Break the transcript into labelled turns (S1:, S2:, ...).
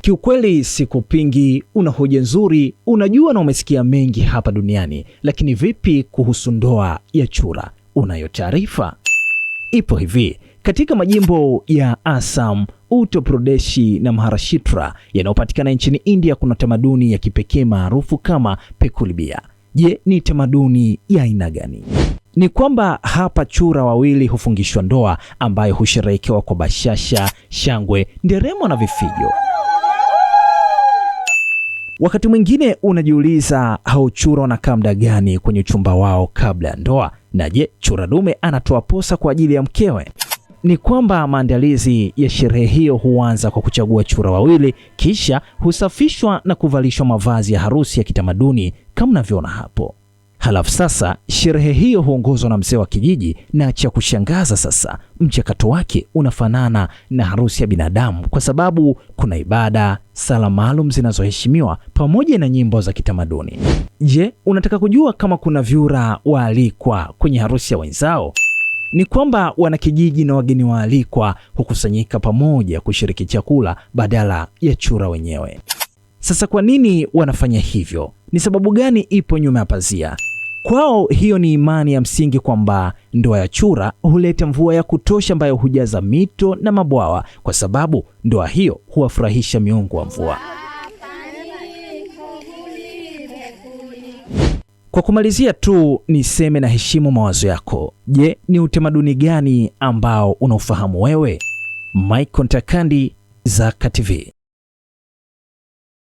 S1: Kiukweli sikupingi, una hoja nzuri, unajua na umesikia mengi hapa duniani, lakini vipi kuhusu ndoa ya Chura? Unayo taarifa? Ipo hivi, katika majimbo ya Assam, Uttar Pradesh na Maharashtra yanayopatikana nchini India, kuna tamaduni ya kipekee maarufu kama pekulibia. Je, ni tamaduni ya aina gani? ni kwamba hapa chura wawili hufungishwa ndoa ambayo husherehekewa kwa bashasha, shangwe, nderemo na vifijo. Wakati mwingine unajiuliza hao chura wanakaa muda gani kwenye uchumba wao kabla ya ndoa, na je, chura dume anatoa posa kwa ajili ya mkewe? Ni kwamba maandalizi ya sherehe hiyo huanza kwa kuchagua chura wawili, kisha husafishwa na kuvalishwa mavazi ya harusi ya kitamaduni kama unavyoona hapo. Halafu sasa sherehe hiyo huongozwa na mzee wa kijiji, na cha kushangaza sasa, mchakato wake unafanana na harusi ya binadamu, kwa sababu kuna ibada, sala maalum zinazoheshimiwa pamoja na nyimbo za kitamaduni. Je, unataka kujua kama kuna vyura waalikwa kwenye harusi ya wenzao? Ni kwamba wanakijiji na wageni waalikwa hukusanyika pamoja kushiriki chakula badala ya chura wenyewe. Sasa kwa nini wanafanya hivyo? Ni sababu gani ipo nyuma ya pazia? Kwao hiyo ni imani ya msingi kwamba ndoa ya chura huleta mvua ya kutosha ambayo hujaza mito na mabwawa, kwa sababu ndoa hiyo huwafurahisha miungu wa mvua. Kwa kumalizia tu niseme na heshimu mawazo yako. Je, ni utamaduni gani ambao unaofahamu wewe? Mike Kontakandi, Zaka TV.